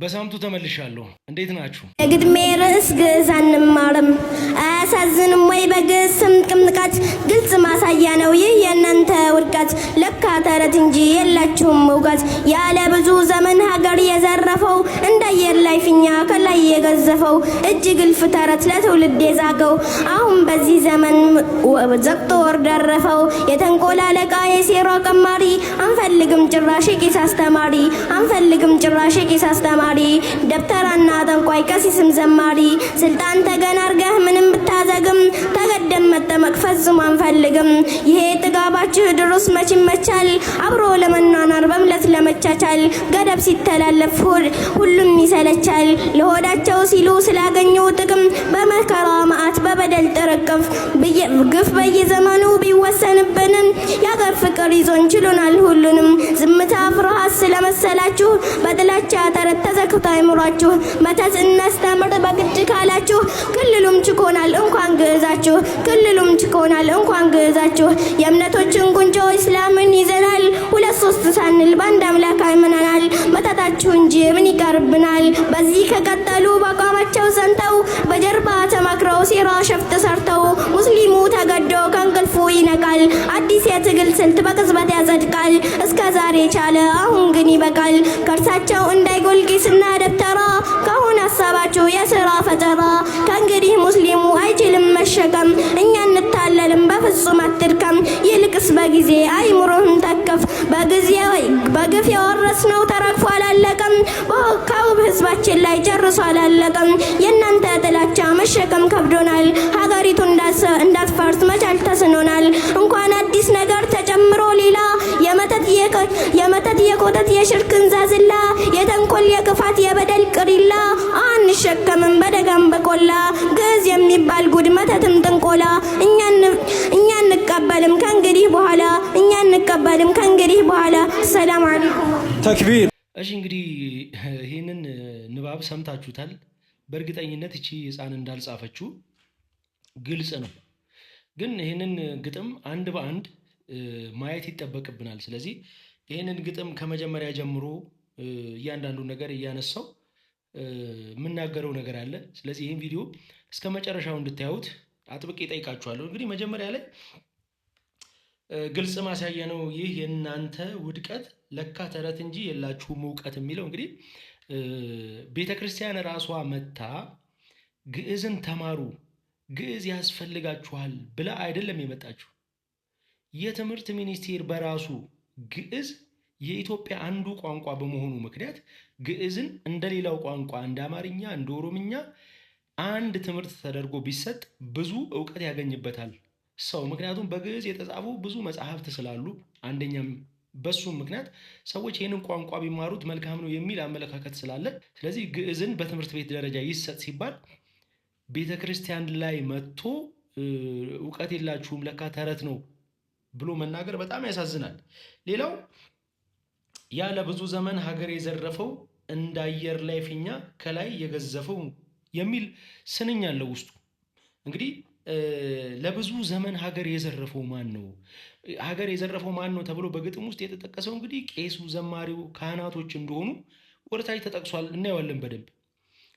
በሳምቱ ተመልሻለሁ። እንዴት ናችሁ? የግድሜ ርዕስ ግዕዝ አንማርም አያሳዝንም ወይ? በግዕዝ ስም ቅምጥቃት ግልጽ ማሳያ ነው ይህ የእናንተ ውድቀት። ለካ ተረት እንጂ የላችሁም እውቀት። ያለ ብዙ ዘመን ሀገር የዘረፈው እንደ አየር ላይ ፊኛ ከላይ የገዘፈው እጅ ግልፍ ተረት ለትውልድ የዛገው አሁን በዚህ ዘመን ዘቅጦ ወር ደረፈው። የተንቆል አለቃ የሴራ ቀማሪ አንፈልግም ጭራሽ ቄስ አስተማሪ አንፈልግም ጭራሽ ቄስ አስተማሪ ተማሪ ደብተራና ጠንቋይ ቀሲስም ዘማሪ ስልጣን ተገናርገህ ምንም ብታ አንዘግም፣ ተገደም መጠመቅ ፈጽሞ አንፈልግም። ይሄ ጥጋባችሁ ድሩስ መች ይመቻል፣ አብሮ ለመኗኗር በምለት ለመቻቻል። ገደብ ሲተላለፍ ሁሉም ይሰለቻል፣ ለሆዳቸው ሲሉ ስላገኙ ጥቅም በመከራ መዓት በበደል ጥርቅፍ ግፍ በየዘመኑ ቢወሰንብንም የአገር ፍቅር ይዞን ችሉናል ሁሉንም። ዝምታ ፍርሃት ስለመሰላችሁ በጥላቻ ተረት ተዘክቶ አይምሯችሁ መተት እናስተምር በግድ ካላችሁ ክልሉም ችኮናል እንኳን እንኳን ግዕዛችሁ ክልሉም ችኮናል እንኳን ግዕዛችሁ የእምነቶችን ጉንጮ እስላምን ይዘናል። ሁለት ሶስት ሳንል በአንድ አምላክ አይመናናል። መታታችሁ እንጂ ምን ይቀርብናል? በዚህ ከቀጠሉ በአቋማቸው ዘንተው በጀርባ ተማክረው ሴራ ሸፍጥ ሰርተው ሙስሊሙ ተገዶ አዲስ የትግል ስልት በቅጽበት ያጸድቃል። እስከ ዛሬ ቻለ፣ አሁን ግን ይበቃል። ከእርሳቸው እንዳይጎል ቂስና ደብተራ ከአሁን ሀሳባቸው የስራ ፈጠራ ከእንግዲህ ሙስሊሙ አይችልም መሸከም እኛ በፍጹም አትድከም። ይልቅስ በጊዜ አይምሮህን ተከፍ። በግፍ የወረስነው ተረግፎ አላለቀም፣ በወካው ህዝባችን ላይ ጨርሶ አላለቀም። የእናንተ ጥላቻ መሸከም ከብዶናል። ሀገሪቱ እንዳትፈርስ መቻል ተስኖናል። እንኳን አዲስ ነገር ተጨምሮ ሌላ የመተት የኮተት የሽርክን ዛዝላ የተንኮል የክፋት የበደል ቅሪላ አንሸከምም በደጋም በቆላ ግዝ የሚባል ጉድ መተትም ጥንቆላ አንቀበልም ከእንግዲህ በኋላ እኛ አንቀበልም ከእንግዲህ በኋላ። ሰላም አለይኩም ተክቢር። እሺ እንግዲህ ይህንን ንባብ ሰምታችሁታል። በእርግጠኝነት እቺ ህፃን እንዳልጻፈችው ግልጽ ነው። ግን ይህንን ግጥም አንድ በአንድ ማየት ይጠበቅብናል። ስለዚህ ይህንን ግጥም ከመጀመሪያ ጀምሮ እያንዳንዱን ነገር እያነሳው የምናገረው ነገር አለ። ስለዚህ ይህን ቪዲዮ እስከ መጨረሻው እንድታዩት አጥብቄ ጠይቃችኋለሁ። እንግዲህ መጀመሪያ ላይ ግልጽ ማሳያ ነው። ይህ የእናንተ ውድቀት ለካ ተረት እንጂ የላችሁም እውቀት የሚለው እንግዲህ ቤተ ክርስቲያን ራሷ መታ ግዕዝን ተማሩ ግዕዝ ያስፈልጋችኋል ብላ አይደለም የመጣችሁ። የትምህርት ሚኒስቴር በራሱ ግዕዝ የኢትዮጵያ አንዱ ቋንቋ በመሆኑ ምክንያት ግዕዝን እንደሌላው ቋንቋ እንደ አማርኛ፣ እንደ ኦሮምኛ አንድ ትምህርት ተደርጎ ቢሰጥ ብዙ እውቀት ያገኝበታል ሰው ምክንያቱም በግዕዝ የተጻፉ ብዙ መጽሐፍት ስላሉ አንደኛም በሱም ምክንያት ሰዎች ይህንን ቋንቋ ቢማሩት መልካም ነው የሚል አመለካከት ስላለ፣ ስለዚህ ግዕዝን በትምህርት ቤት ደረጃ ይሰጥ ሲባል ቤተ ክርስቲያን ላይ መጥቶ እውቀት የላችሁም ለካ ተረት ነው ብሎ መናገር በጣም ያሳዝናል። ሌላው ያ ለብዙ ዘመን ሀገር የዘረፈው እንደ አየር ላይ ፊኛ ከላይ የገዘፈው የሚል ስንኝ አለው ውስጡ እንግዲህ ለብዙ ዘመን ሀገር የዘረፈው ማን ነው? ሀገር የዘረፈው ማን ነው ተብሎ በግጥም ውስጥ የተጠቀሰው እንግዲህ ቄሱ፣ ዘማሪው፣ ካህናቶች እንደሆኑ ወደታች ተጠቅሷል። እናየዋለን በደንብ።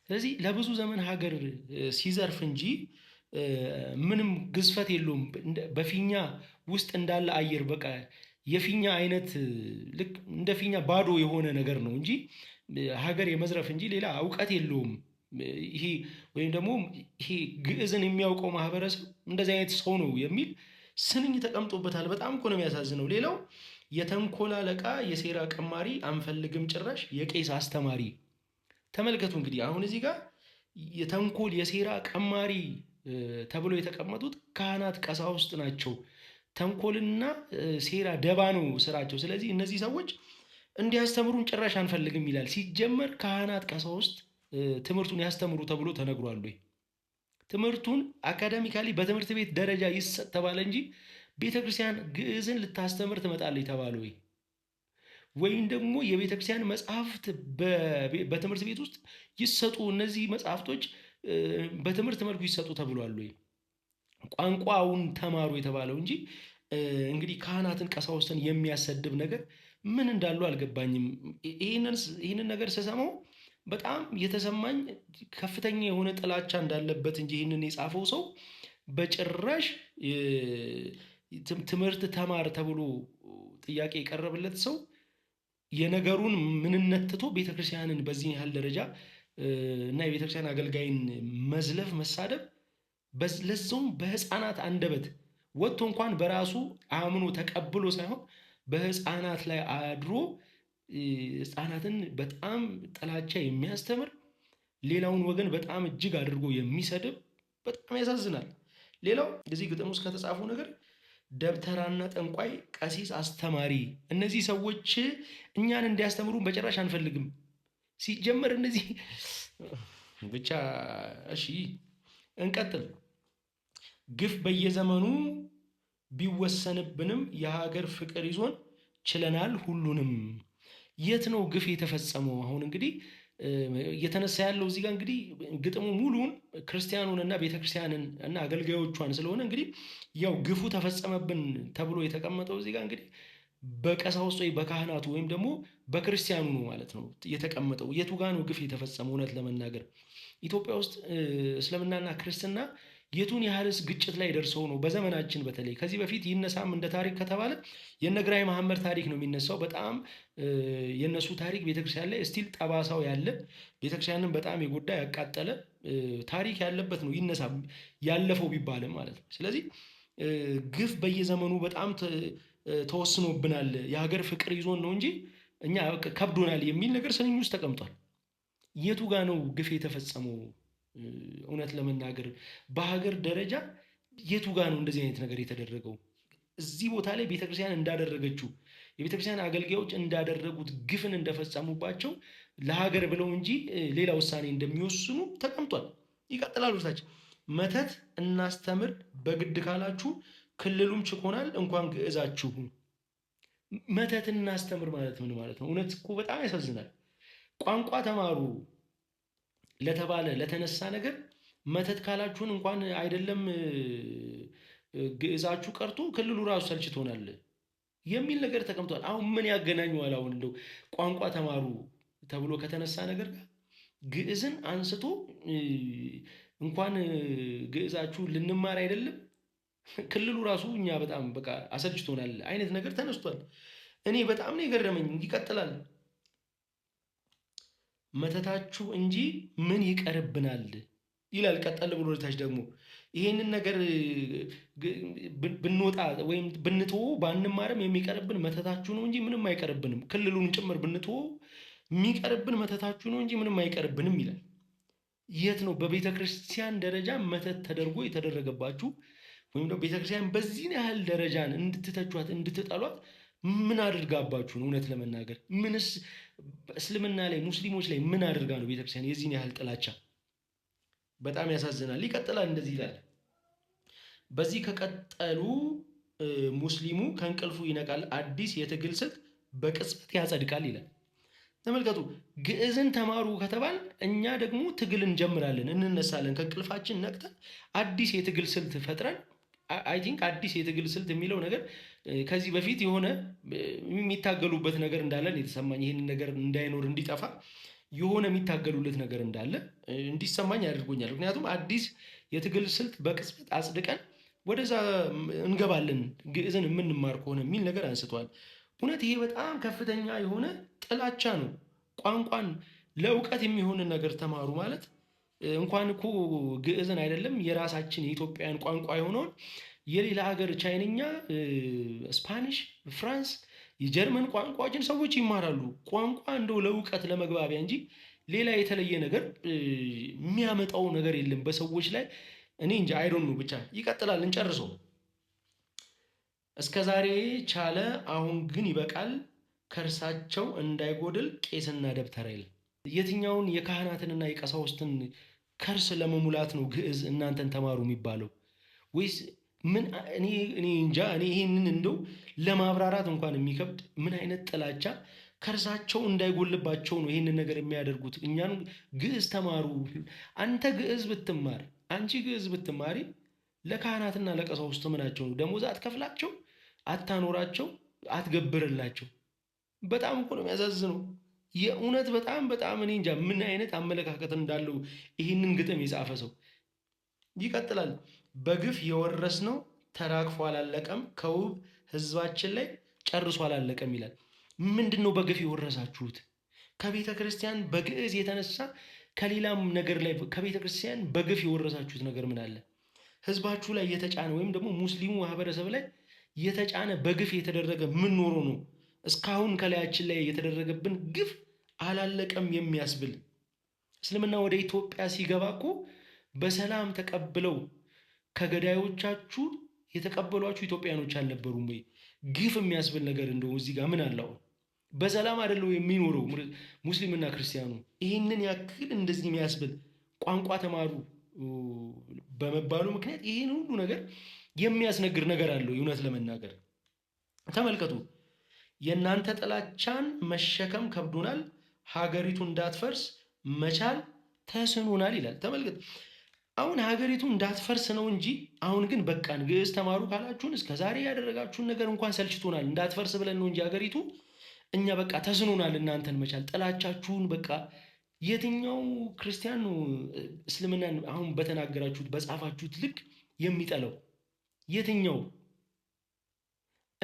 ስለዚህ ለብዙ ዘመን ሀገር ሲዘርፍ እንጂ ምንም ግዝፈት የለውም። በፊኛ ውስጥ እንዳለ አየር በቃ የፊኛ አይነት ልክ እንደ ፊኛ ባዶ የሆነ ነገር ነው እንጂ ሀገር የመዝረፍ እንጂ ሌላ እውቀት የለውም። ይሄ ወይም ደግሞ ይሄ ግዕዝን የሚያውቀው ማህበረሰብ እንደዚህ አይነት ሰው ነው የሚል ስንኝ ተቀምጦበታል። በጣም እኮ ነው የሚያሳዝነው። ሌላው የተንኮል አለቃ፣ የሴራ ቀማሪ አንፈልግም ጭራሽ የቄስ አስተማሪ። ተመልከቱ እንግዲህ አሁን እዚህ ጋር የተንኮል የሴራ ቀማሪ ተብሎ የተቀመጡት ካህናት ቀሳውስት ናቸው። ተንኮልና ሴራ ደባ ነው ስራቸው። ስለዚህ እነዚህ ሰዎች እንዲያስተምሩን ጭራሽ አንፈልግም ይላል። ሲጀመር ካህናት ቀሳውስት ትምህርቱን ያስተምሩ ተብሎ ተነግሯል ወይ? ትምህርቱን አካዳሚካሊ በትምህርት ቤት ደረጃ ይሰጥ ተባለ እንጂ ቤተ ክርስቲያን ግዕዝን ልታስተምር ትመጣለች ተባለ ወይ? ወይም ደግሞ የቤተ ክርስቲያን መጽሐፍት በትምህርት ቤት ውስጥ ይሰጡ፣ እነዚህ መጽሐፍቶች በትምህርት መልኩ ይሰጡ ተብሏል ወይ? ቋንቋውን ተማሩ የተባለው እንጂ እንግዲህ ካህናትን ቀሳውስትን የሚያሰድብ ነገር ምን እንዳሉ አልገባኝም። ይህንን ነገር ስሰማው በጣም የተሰማኝ ከፍተኛ የሆነ ጥላቻ እንዳለበት እንጂ ይህንን የጻፈው ሰው በጭራሽ ትምህርት ተማር ተብሎ ጥያቄ የቀረበለት ሰው የነገሩን ምንነት ትቶ ቤተክርስቲያንን በዚህ ያህል ደረጃ እና የቤተክርስቲያን አገልጋይን መዝለፍ፣ መሳደብ ለዛውም በህፃናት አንደበት ወጥቶ እንኳን በራሱ አምኖ ተቀብሎ ሳይሆን በህፃናት ላይ አድሮ ህፃናትን በጣም ጥላቻ የሚያስተምር ሌላውን ወገን በጣም እጅግ አድርጎ የሚሰድብ በጣም ያሳዝናል። ሌላው እዚህ ግጥም ውስጥ ከተጻፈው ነገር ደብተራና ጠንቋይ፣ ቀሲስ፣ አስተማሪ እነዚህ ሰዎች እኛን እንዲያስተምሩን በጭራሽ አንፈልግም። ሲጀመር እነዚህ ብቻ እሺ፣ እንቀጥል። ግፍ በየዘመኑ ቢወሰንብንም የሀገር ፍቅር ይዞን ችለናል ሁሉንም የት ነው ግፍ የተፈጸመው? አሁን እንግዲህ እየተነሳ ያለው እዚህ ጋር እንግዲህ ግጥሙ ሙሉን ክርስቲያኑን እና ቤተክርስቲያንን እና አገልጋዮቿን ስለሆነ እንግዲህ ያው ግፉ ተፈጸመብን ተብሎ የተቀመጠው እዚህ ጋር እንግዲህ በቀሳውስት ወይ በካህናቱ ወይም ደግሞ በክርስቲያኑ ነው ማለት ነው የተቀመጠው። የቱ ጋ ነው ግፍ የተፈጸመው? እውነት ለመናገር ኢትዮጵያ ውስጥ እስልምናና ክርስትና የቱን ያህልስ ግጭት ላይ ደርሰው ነው በዘመናችን በተለይ ከዚህ በፊት ይነሳም እንደ ታሪክ ከተባለ የነግራይ መሐመድ ታሪክ ነው የሚነሳው። በጣም የነሱ ታሪክ ቤተክርስቲያን ላይ ስቲል ጠባሳው ያለ ቤተክርስቲያንን በጣም የጎዳ ያቃጠለ ታሪክ ያለበት ነው ይነሳ ያለፈው ቢባልም ማለት ነው። ስለዚህ ግፍ በየዘመኑ በጣም ተወስኖብናል። የሀገር ፍቅር ይዞን ነው እንጂ እኛ ከብዶናል የሚል ነገር ስንኝ ውስጥ ተቀምጧል። የቱ ጋ ነው ግፍ የተፈጸመው? እውነት ለመናገር በሀገር ደረጃ የቱ ጋ ነው እንደዚህ አይነት ነገር የተደረገው? እዚህ ቦታ ላይ ቤተክርስቲያን እንዳደረገችው የቤተክርስቲያን አገልጋዮች እንዳደረጉት ግፍን እንደፈጸሙባቸው ለሀገር ብለው እንጂ ሌላ ውሳኔ እንደሚወስኑ ተቀምጧል። ይቀጥላሉ ውርታችን መተት እናስተምር በግድ ካላችሁ ክልሉም ችኮናል እንኳን ግዕዛችሁ። መተት እናስተምር ማለት ምን ማለት ነው? እውነት እኮ በጣም ያሳዝናል። ቋንቋ ተማሩ ለተባለ ለተነሳ ነገር መተት ካላችሁን እንኳን አይደለም ግዕዛችሁ ቀርቶ ክልሉ ራሱ ሰልችቶናል የሚል ነገር ተቀምጧል። አሁን ምን ያገናኘዋል? አሁን እንደው ቋንቋ ተማሩ ተብሎ ከተነሳ ነገር ጋር ግዕዝን አንስቶ እንኳን ግዕዛችሁ ልንማር አይደለም ክልሉ ራሱ እኛ በጣም በቃ አሰልችቶናል አይነት ነገር ተነስቷል። እኔ በጣም ነው የገረመኝ። ይቀጥላል። መተታችሁ እንጂ ምን ይቀርብናል ይላል። ቀጠል ብሎ ወደታች ደግሞ ይሄንን ነገር ብንወጣ ወይም ብንትዎ ባንማርም የሚቀርብን መተታችሁ ነው እንጂ ምንም አይቀርብንም። ክልሉን ጭምር ብንትዎ የሚቀርብን መተታችሁ ነው እንጂ ምንም አይቀርብንም ይላል። የት ነው በቤተ ክርስቲያን ደረጃ መተት ተደርጎ የተደረገባችሁ ወይም ደግሞ ቤተ ክርስቲያን በዚህን ያህል ደረጃን እንድትተቿት እንድትጠሏት ምን አድርጋባችሁ ነው? እውነት ለመናገር ምንስ እስልምና ላይ ሙስሊሞች ላይ ምን አድርጋ ነው ቤተክርስቲያን የዚህን ያህል ጥላቻ? በጣም ያሳዝናል። ይቀጥላል፣ እንደዚህ ይላል። በዚህ ከቀጠሉ ሙስሊሙ ከእንቅልፉ ይነቃል፣ አዲስ የትግል ስልት በቅጽበት ያጸድቃል ይላል። ተመልከቱ፣ ግዕዝን ተማሩ ከተባል እኛ ደግሞ ትግል እንጀምራለን፣ እንነሳለን። ከእንቅልፋችን ነቅተን አዲስ የትግል ስልት ፈጥረን አይ ቲንክ አዲስ የትግል ስልት የሚለው ነገር ከዚህ በፊት የሆነ የሚታገሉበት ነገር እንዳለን የተሰማኝ ይህን ነገር እንዳይኖር እንዲጠፋ የሆነ የሚታገሉለት ነገር እንዳለ እንዲሰማኝ አድርጎኛል። ምክንያቱም አዲስ የትግል ስልት በቅጽበት አጽድቀን ወደዛ እንገባለን ግዕዝን የምንማር ከሆነ የሚል ነገር አንስተዋል። እውነት ይሄ በጣም ከፍተኛ የሆነ ጥላቻ ነው። ቋንቋን ለእውቀት የሚሆንን ነገር ተማሩ ማለት እንኳን እኮ ግዕዝን አይደለም የራሳችን የኢትዮጵያን ቋንቋ የሆነውን የሌላ ሀገር ቻይንኛ፣ ስፓኒሽ፣ ፍራንስ፣ የጀርመን ቋንቋዎችን ሰዎች ይማራሉ። ቋንቋ እንደው ለእውቀት ለመግባቢያ እንጂ ሌላ የተለየ ነገር የሚያመጣው ነገር የለም በሰዎች ላይ። እኔ እንጂ አይዶኑ ብቻ ይቀጥላል። እንጨርሰው። እስከ ዛሬ ቻለ፣ አሁን ግን ይበቃል። ከእርሳቸው እንዳይጎድል ቄስና ደብተር አይል የትኛውን የካህናትንና የቀሳውስትን ከርስ ለመሙላት ነው ግዕዝ እናንተን ተማሩ የሚባለው? ወይስ ምን እኔ እንጃ። እኔ ይህንን እንደው ለማብራራት እንኳን የሚከብድ ምን አይነት ጥላቻ ከርሳቸው እንዳይጎልባቸው ነው ይህንን ነገር የሚያደርጉት። እኛን ግዕዝ ተማሩ። አንተ ግዕዝ ብትማር፣ አንቺ ግዕዝ ብትማሪ ለካህናትና ለቀሳውስት ምናቸው ነው? ደሞዝ አትከፍላቸው፣ አታኖራቸው፣ አትገብርላቸው። በጣም እኮ ነው የሚያሳዝነው። የእውነት በጣም በጣም እኔ እንጃ ምን አይነት አመለካከት እንዳለው ይህንን ግጥም የጻፈ ሰው። ይቀጥላል። በግፍ የወረስነው ተራክፎ አላለቀም፣ ከውብ ህዝባችን ላይ ጨርሶ አላለቀም ይላል። ምንድን ነው በግፍ የወረሳችሁት? ከቤተ ክርስቲያን በግዕዝ የተነሳ ከሌላም ነገር ላይ ከቤተ ክርስቲያን በግፍ የወረሳችሁት ነገር ምን አለ? ህዝባችሁ ላይ የተጫነ ወይም ደግሞ ሙስሊሙ ማህበረሰብ ላይ የተጫነ በግፍ የተደረገ ምን ኖሮ ነው እስካሁን ከላያችን ላይ የተደረገብን ግፍ አላለቀም የሚያስብል እስልምና ወደ ኢትዮጵያ ሲገባ እኮ በሰላም ተቀብለው ከገዳዮቻችሁ የተቀበሏችሁ ኢትዮጵያኖች አልነበሩም ወይ? ግፍ የሚያስብል ነገር እንደው እዚህ ጋር ምን አለው? በሰላም አይደለው የሚኖረው ሙስሊምና ክርስቲያኑ። ይህንን ያክል እንደዚህ የሚያስብል ቋንቋ ተማሩ በመባሉ ምክንያት ይህን ሁሉ ነገር የሚያስነግር ነገር አለው። እውነት ለመናገር ተመልከቱ፣ የእናንተ ጥላቻን መሸከም ከብዶናል። ሀገሪቱ እንዳትፈርስ መቻል ተስኖናል ይላል። ተመልከት አሁን ሀገሪቱ እንዳትፈርስ ነው እንጂ አሁን ግን በቃን ግዕዝ ተማሩ ካላችሁን እስከ ዛሬ ያደረጋችሁን ነገር እንኳን ሰልችቶናል። እንዳትፈርስ ብለን ነው እንጂ ሀገሪቱ እኛ በቃ ተስኖናል እናንተን መቻል ጥላቻችሁን በቃ የትኛው ክርስቲያን እስልምናን አሁን በተናገራችሁት በጻፋችሁት ልክ የሚጠላው የትኛው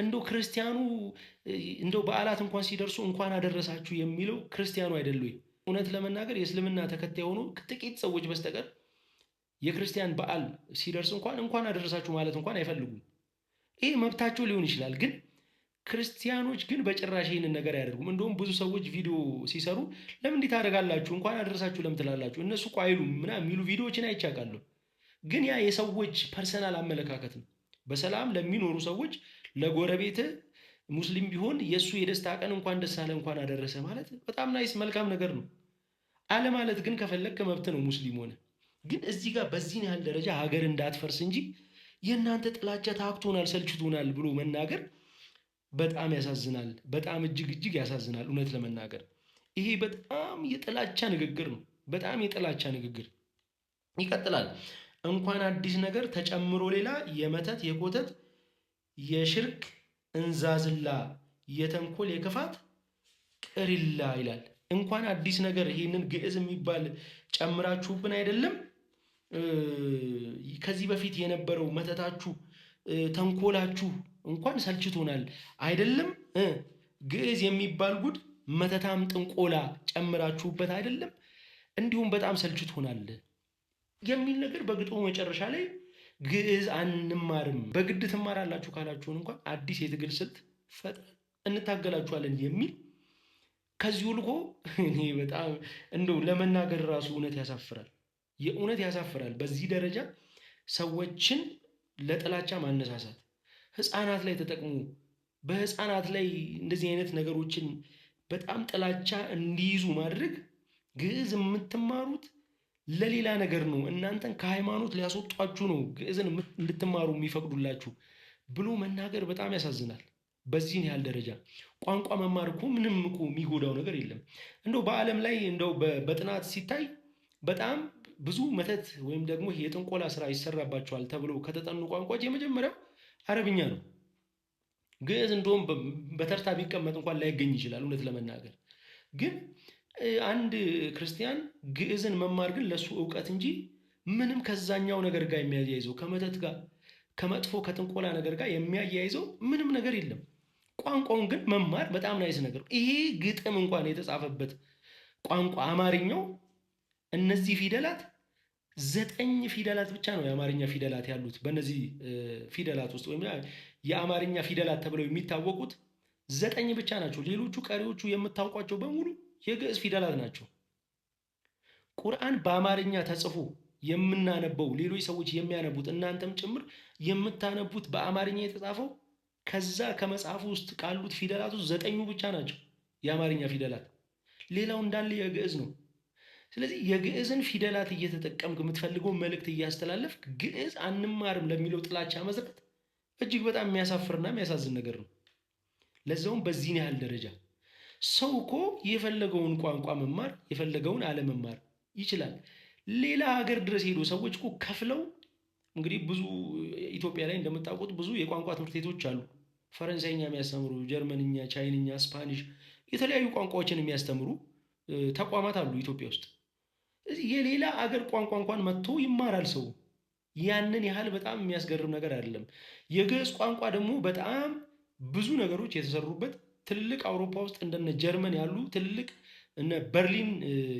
እንዶ ክርስቲያኑ እንደው በዓላት እንኳን ሲደርሱ እንኳን አደረሳችሁ የሚለው ክርስቲያኑ አይደሉ? እውነት ለመናገር የእስልምና ተከታይ የሆኑ ጥቂት ሰዎች በስተቀር የክርስቲያን በዓል ሲደርስ እንኳን እንኳን አደረሳችሁ ማለት እንኳን አይፈልጉም። ይሄ መብታቸው ሊሆን ይችላል ግን ክርስቲያኖች ግን በጭራሽ ይህንን ነገር አያደርጉም። እንደውም ብዙ ሰዎች ቪዲዮ ሲሰሩ ለምን እንዲህ ታደርጋላችሁ እንኳን አደረሳችሁ ለምን ትላላችሁ እነሱ እኮ አይሉም ምናምን የሚሉ ቪዲዮዎችን አይቻቃለሁ። ግን ያ የሰዎች ፐርሰናል አመለካከት ነው። በሰላም ለሚኖሩ ሰዎች ለጎረቤት ሙስሊም ቢሆን የእሱ የደስታ ቀን እንኳን ደስ አለ እንኳን አደረሰ ማለት በጣም ናይስ መልካም ነገር ነው። አለማለት ግን ከፈለግ መብት ነው። ሙስሊም ሆነ ግን እዚህ ጋር በዚህን ያህል ደረጃ ሀገር እንዳትፈርስ እንጂ የእናንተ ጥላቻ ታክቶናል፣ ሰልችቶናል ብሎ መናገር በጣም ያሳዝናል። በጣም እጅግ እጅግ ያሳዝናል። እውነት ለመናገር ይሄ በጣም የጥላቻ ንግግር ነው። በጣም የጥላቻ ንግግር ይቀጥላል። እንኳን አዲስ ነገር ተጨምሮ ሌላ የመተት የኮተት የሽርክ እንዛዝላ የተንኮል የክፋት ቅሪላ ይላል። እንኳን አዲስ ነገር ይህንን ግዕዝ የሚባል ጨምራችሁብን አይደለም ከዚህ በፊት የነበረው መተታችሁ ተንኮላችሁ እንኳን ሰልችቶናል አይደለም። ግዕዝ የሚባል ጉድ መተታም ጥንቆላ ጨምራችሁበት አይደለም። እንዲሁም በጣም ሰልችቶናል። የሚል ነገር በግጥሙ መጨረሻ ላይ ግዕዝ አንማርም በግድ ትማራላችሁ ካላችሁን እንኳን አዲስ የትግል ስልት ፈጥረን እንታገላችኋለን የሚል ከዚሁ ልኮ እኔ በጣም እንደው ለመናገር ራሱ እውነት ያሳፍራል። የእውነት ያሳፍራል። በዚህ ደረጃ ሰዎችን ለጥላቻ ማነሳሳት ህፃናት ላይ ተጠቅሞ በህፃናት ላይ እንደዚህ አይነት ነገሮችን በጣም ጥላቻ እንዲይዙ ማድረግ ግዕዝ የምትማሩት ለሌላ ነገር ነው። እናንተን ከሃይማኖት ሊያስወጧችሁ ነው ግዕዝን እንድትማሩ የሚፈቅዱላችሁ ብሎ መናገር በጣም ያሳዝናል። በዚህን ያህል ደረጃ ቋንቋ መማር እኮ ምንም እኮ የሚጎዳው ነገር የለም። እንደው በዓለም ላይ እንደው በጥናት ሲታይ በጣም ብዙ መተት ወይም ደግሞ የጥንቆላ ስራ ይሰራባቸዋል ተብሎ ከተጠኑ ቋንቋዎች የመጀመሪያው አረብኛ ነው። ግዕዝ እንደውም በተርታ ቢቀመጥ እንኳን ላይገኝ ይችላል እውነት ለመናገር ግን አንድ ክርስቲያን ግዕዝን መማር ግን ለእሱ እውቀት እንጂ ምንም ከዛኛው ነገር ጋር የሚያያይዘው ከመተት ጋር ከመጥፎ ከጥንቆላ ነገር ጋር የሚያያይዘው ምንም ነገር የለም። ቋንቋውን ግን መማር በጣም ናይስ ነገር። ይሄ ግጥም እንኳን የተጻፈበት ቋንቋ አማርኛው እነዚህ ፊደላት ዘጠኝ ፊደላት ብቻ ነው የአማርኛ ፊደላት ያሉት። በእነዚህ ፊደላት ውስጥ ወይም የአማርኛ ፊደላት ተብለው የሚታወቁት ዘጠኝ ብቻ ናቸው። ሌሎቹ ቀሪዎቹ የምታውቋቸው በሙሉ የግዕዝ ፊደላት ናቸው። ቁርአን በአማርኛ ተጽፎ የምናነበው ሌሎች ሰዎች የሚያነቡት እናንተም ጭምር የምታነቡት በአማርኛ የተጻፈው ከዛ ከመጽሐፉ ውስጥ ካሉት ፊደላት ውስጥ ዘጠኙ ብቻ ናቸው የአማርኛ ፊደላት፣ ሌላው እንዳለ የግዕዝ ነው። ስለዚህ የግዕዝን ፊደላት እየተጠቀምክ የምትፈልገው መልእክት እያስተላለፍ ግዕዝ አንማርም ለሚለው ጥላቻ መስረት እጅግ በጣም የሚያሳፍርና የሚያሳዝን ነገር ነው። ለዛውም በዚህን ያህል ደረጃ ሰው እኮ የፈለገውን ቋንቋ መማር የፈለገውን አለመማር ይችላል። ሌላ ሀገር ድረስ ሄዶ ሰዎች እኮ ከፍለው እንግዲህ ብዙ ኢትዮጵያ ላይ እንደምታውቁት ብዙ የቋንቋ ትምህርት ቤቶች አሉ። ፈረንሳይኛ የሚያስተምሩ፣ ጀርመንኛ፣ ቻይንኛ፣ ስፓኒሽ የተለያዩ ቋንቋዎችን የሚያስተምሩ ተቋማት አሉ ኢትዮጵያ ውስጥ። የሌላ አገር ቋንቋ እንኳን መጥቶ ይማራል ሰው። ያንን ያህል በጣም የሚያስገርም ነገር አይደለም። የግዕዝ ቋንቋ ደግሞ በጣም ብዙ ነገሮች የተሰሩበት ትልልቅ አውሮፓ ውስጥ እንደነ ጀርመን ያሉ ትልልቅ እነ በርሊን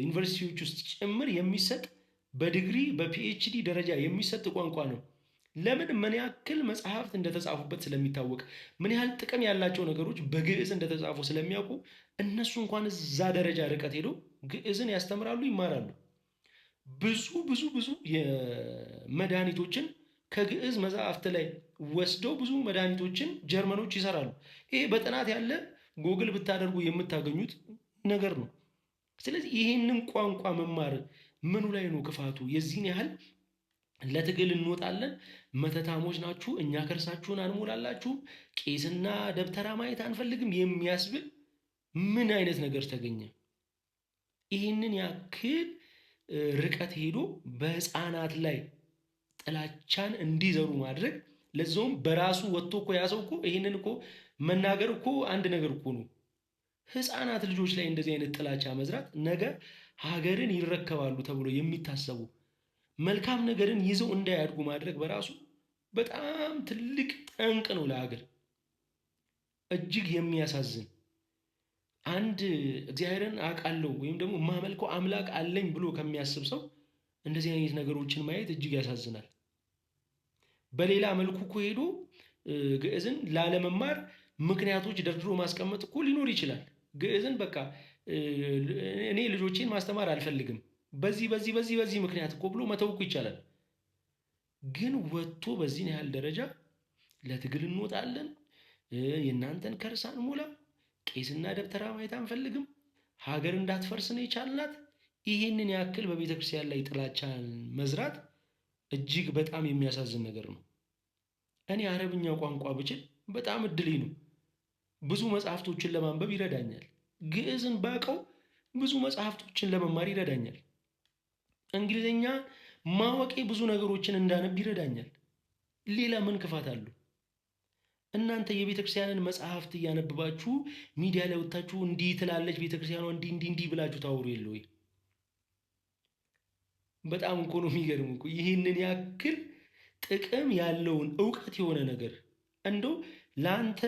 ዩኒቨርሲቲዎች ውስጥ ጭምር የሚሰጥ በዲግሪ በፒኤችዲ ደረጃ የሚሰጥ ቋንቋ ነው። ለምን? ምን ያክል መጽሐፍት እንደተጻፉበት ስለሚታወቅ፣ ምን ያህል ጥቅም ያላቸው ነገሮች በግዕዝ እንደተጻፉ ስለሚያውቁ እነሱ እንኳን እዛ ደረጃ ርቀት ሄደው ግዕዝን ያስተምራሉ፣ ይማራሉ። ብዙ ብዙ ብዙ የመድኃኒቶችን ከግዕዝ መጽሐፍት ላይ ወስደው ብዙ መድኃኒቶችን ጀርመኖች ይሰራሉ። ይሄ በጥናት ያለ ጉግል ብታደርጉ የምታገኙት ነገር ነው። ስለዚህ ይህንን ቋንቋ መማር ምኑ ላይ ነው ክፋቱ? የዚህን ያህል ለትግል እንወጣለን፣ መተታሞች ናችሁ፣ እኛ ከርሳችሁን አንሞላላችሁም፣ ቄስና ደብተራ ማየት አንፈልግም የሚያስብል ምን አይነት ነገር ተገኘ? ይህንን ያክል ርቀት ሄዶ በህፃናት ላይ ጥላቻን እንዲዘሩ ማድረግ ለዛውም በራሱ ወጥቶ እኮ ያ እኮ ይህንን እኮ መናገር እኮ አንድ ነገር እኮ ነው። ህፃናት ልጆች ላይ እንደዚህ አይነት ጥላቻ መዝራት ነገ ሀገርን ይረከባሉ ተብሎ የሚታሰቡ መልካም ነገርን ይዘው እንዳያድጉ ማድረግ በራሱ በጣም ትልቅ ጠንቅ ነው ለሀገር። እጅግ የሚያሳዝን አንድ እግዚአብሔርን አውቃለሁ ወይም ደግሞ የማመልከው አምላክ አለኝ ብሎ ከሚያስብ ሰው እንደዚህ አይነት ነገሮችን ማየት እጅግ ያሳዝናል። በሌላ መልኩ እኮ ሄዶ ግዕዝን ላለመማር ምክንያቶች ደርድሮ ማስቀመጥ እኮ ሊኖር ይችላል። ግዕዝን በቃ እኔ ልጆቼን ማስተማር አልፈልግም በዚህ በዚህ በዚህ በዚህ ምክንያት እኮ ብሎ መተውኩ ይቻላል። ግን ወጥቶ በዚህን ያህል ደረጃ ለትግል እንወጣለን፣ የእናንተን ከርስ ሞላ ቄስና ደብተራ ማየት አንፈልግም፣ ሀገር እንዳትፈርስ ነው የቻልናት። ይህንን ያክል በቤተ ክርስቲያን ላይ ጥላቻን መዝራት እጅግ በጣም የሚያሳዝን ነገር ነው። እኔ አረብኛ ቋንቋ ብችል በጣም እድሌ ነው። ብዙ መጽሐፍቶችን ለማንበብ ይረዳኛል። ግዕዝን ባቀው ብዙ መጽሐፍቶችን ለመማር ይረዳኛል። እንግሊዝኛ ማወቄ ብዙ ነገሮችን እንዳነብ ይረዳኛል። ሌላ ምን ክፋት አለው? እናንተ የቤተ ክርስቲያንን መጽሐፍት እያነብባችሁ ሚዲያ ላይ ወጥታችሁ እንዲህ ትላለች ቤተ ክርስቲያኗ እንዲህ እንዲህ እንዲህ ብላችሁ ታወሩ የለ ወይ? በጣም እኮ ነው የሚገርም ይህንን ያክል ጥቅም ያለውን እውቀት የሆነ ነገር እንደው ለአንተ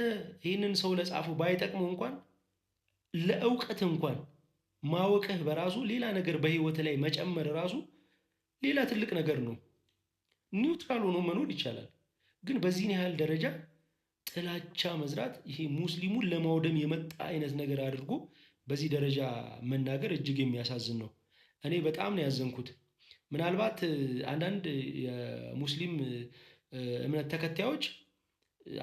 ይህንን ሰው ለጻፉ ባይጠቅሙ እንኳን ለእውቀት እንኳን ማወቅህ በራሱ ሌላ ነገር በህይወት ላይ መጨመር ራሱ ሌላ ትልቅ ነገር ነው። ኒውትራል ሆኖ መኖር ይቻላል፣ ግን በዚህን ያህል ደረጃ ጥላቻ መዝራት ይሄ ሙስሊሙን ለማውደም የመጣ አይነት ነገር አድርጎ በዚህ ደረጃ መናገር እጅግ የሚያሳዝን ነው። እኔ በጣም ነው ያዘንኩት። ምናልባት አንዳንድ የሙስሊም እምነት ተከታዮች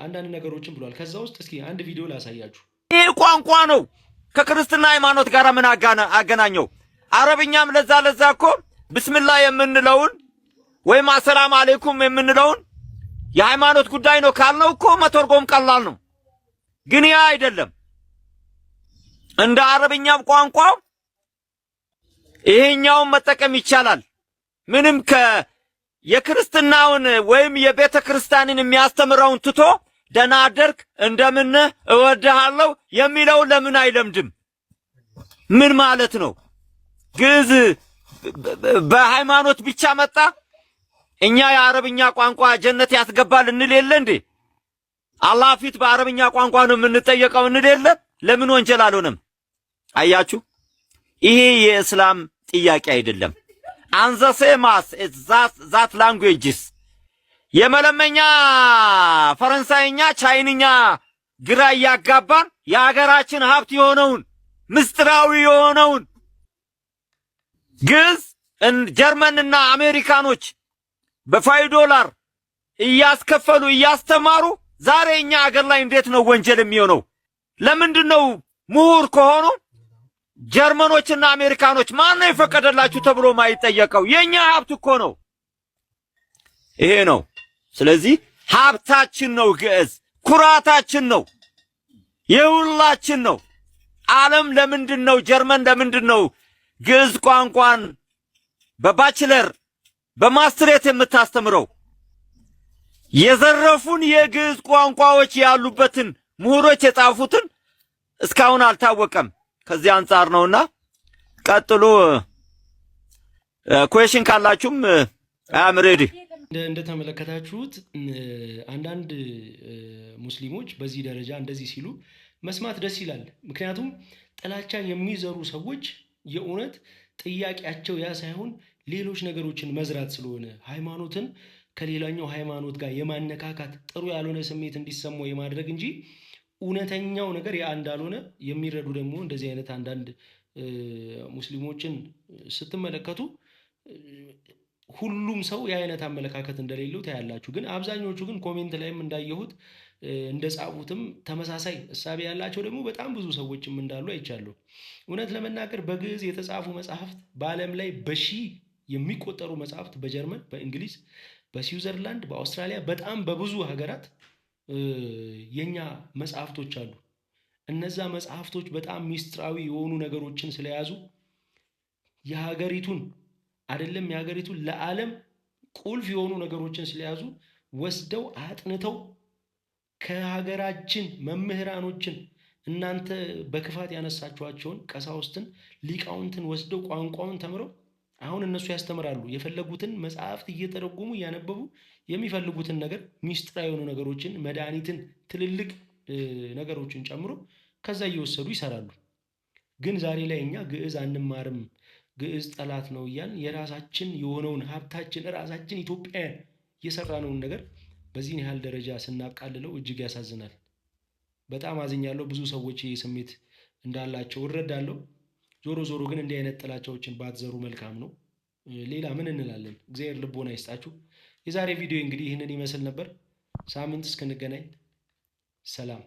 አንዳንድ ነገሮችን ብሏል። ከዛ ውስጥ እስኪ አንድ ቪዲዮ ላሳያችሁ። ይህ ቋንቋ ነው ከክርስትና ሃይማኖት ጋር ምን አገናኘው? አረብኛም ለዛ ለዛ እኮ ብስምላ የምንለውን ወይም አሰላም አሌይኩም የምንለውን የሃይማኖት ጉዳይ ነው ካልነው እኮ መተርጎም ቀላል ነው። ግን ያ አይደለም። እንደ አረብኛም ቋንቋ ይሄኛውን መጠቀም ይቻላል። ምንም የክርስትናውን ወይም የቤተ ክርስቲያንን የሚያስተምረውን ትቶ ደህና አደርክ፣ እንደምን እወድሃለሁ የሚለው ለምን አይለምድም? ምን ማለት ነው? ግዕዝ በሃይማኖት ብቻ መጣ? እኛ የአረብኛ ቋንቋ ጀነት ያስገባል እንል የለ እንዴ? አላህ ፊት በአረብኛ ቋንቋ ነው የምንጠየቀው እንል የለ? ለምን ወንጀል አልሆነም? አያችሁ፣ ይሄ የእስላም ጥያቄ አይደለም። and the ላንጉጅስ የመለመኛ ፈረንሳይኛ፣ ቻይንኛ ግራ እያጋባን የአገራችን ሀብት የሆነውን ምስጢራዊ የሆነውን ግዕዝ ጀርመንና አሜሪካኖች በፋይ ዶላር እያስከፈሉ እያስተማሩ ዛሬ እኛ አገር ላይ እንዴት ነው ወንጀል የሚሆነው? ለምንድን ነው ምሁር ከሆኑ ጀርመኖችና አሜሪካኖች ማነው የፈቀደላችሁ ተብሎ ማይጠየቀው? የኛ ሀብት እኮ ነው። ይሄ ነው። ስለዚህ ሀብታችን ነው ግዕዝ፣ ኩራታችን ነው፣ የሁላችን ነው። ዓለም ለምንድን ነው ጀርመን ለምንድን ነው ግዕዝ ቋንቋን በባችለር በማስትሬት የምታስተምረው? የዘረፉን የግዕዝ ቋንቋዎች ያሉበትን ምሁሮች የጻፉትን እስካሁን አልታወቀም። ከዚህ አንጻር ነውና ቀጥሉ። ኩዌሽን ካላችሁም አም ሬዲ እንደተመለከታችሁት አንዳንድ ሙስሊሞች በዚህ ደረጃ እንደዚህ ሲሉ መስማት ደስ ይላል። ምክንያቱም ጥላቻን የሚዘሩ ሰዎች የእውነት ጥያቄያቸው ያ ሳይሆን ሌሎች ነገሮችን መዝራት ስለሆነ ሃይማኖትን ከሌላኛው ሃይማኖት ጋር የማነካካት ጥሩ ያልሆነ ስሜት እንዲሰማው የማድረግ እንጂ እውነተኛው ነገር ያ እንዳልሆነ የሚረዱ ደግሞ እንደዚህ አይነት አንዳንድ ሙስሊሞችን ስትመለከቱ ሁሉም ሰው የአይነት አመለካከት እንደሌለው ታያላችሁ። ግን አብዛኞቹ ግን ኮሜንት ላይም እንዳየሁት እንደጻፉትም ተመሳሳይ እሳቤ ያላቸው ደግሞ በጣም ብዙ ሰዎችም እንዳሉ አይቻለሁ። እውነት ለመናገር በግዕዝ የተጻፉ መጽሐፍት በዓለም ላይ በሺ የሚቆጠሩ መጽሐፍት በጀርመን፣ በእንግሊዝ፣ በስዊዘርላንድ፣ በአውስትራሊያ በጣም በብዙ ሀገራት የኛ መጽሐፍቶች አሉ። እነዛ መጽሐፍቶች በጣም ሚስጥራዊ የሆኑ ነገሮችን ስለያዙ የሀገሪቱን አይደለም የሀገሪቱን ለዓለም ቁልፍ የሆኑ ነገሮችን ስለያዙ ወስደው አጥንተው ከሀገራችን መምህራኖችን እናንተ በክፋት ያነሳችኋቸውን ቀሳውስትን ሊቃውንትን ወስደው ቋንቋውን ተምረው አሁን እነሱ ያስተምራሉ። የፈለጉትን መጽሐፍት እየተረጎሙ እያነበቡ የሚፈልጉትን ነገር ሚስጥራ የሆኑ ነገሮችን፣ መድኃኒትን፣ ትልልቅ ነገሮችን ጨምሮ ከዛ እየወሰዱ ይሰራሉ። ግን ዛሬ ላይ እኛ ግዕዝ አንማርም፣ ግዕዝ ጠላት ነው እያን የራሳችን የሆነውን ሀብታችን ራሳችን ኢትዮጵያውያን የሰራነውን ነገር በዚህን ያህል ደረጃ ስናቃልለው እጅግ ያሳዝናል። በጣም አዝኛለሁ። ብዙ ሰዎች ስሜት እንዳላቸው እረዳለሁ። ዞሮ ዞሮ ግን እንዲህ አይነት ጥላቻዎችን ባትዘሩ መልካም ነው። ሌላ ምን እንላለን? እግዚአብሔር ልቦና ይስጣችሁ። የዛሬ ቪዲዮ እንግዲህ ይህንን ይመስል ነበር። ሳምንት እስክንገናኝ ሰላም።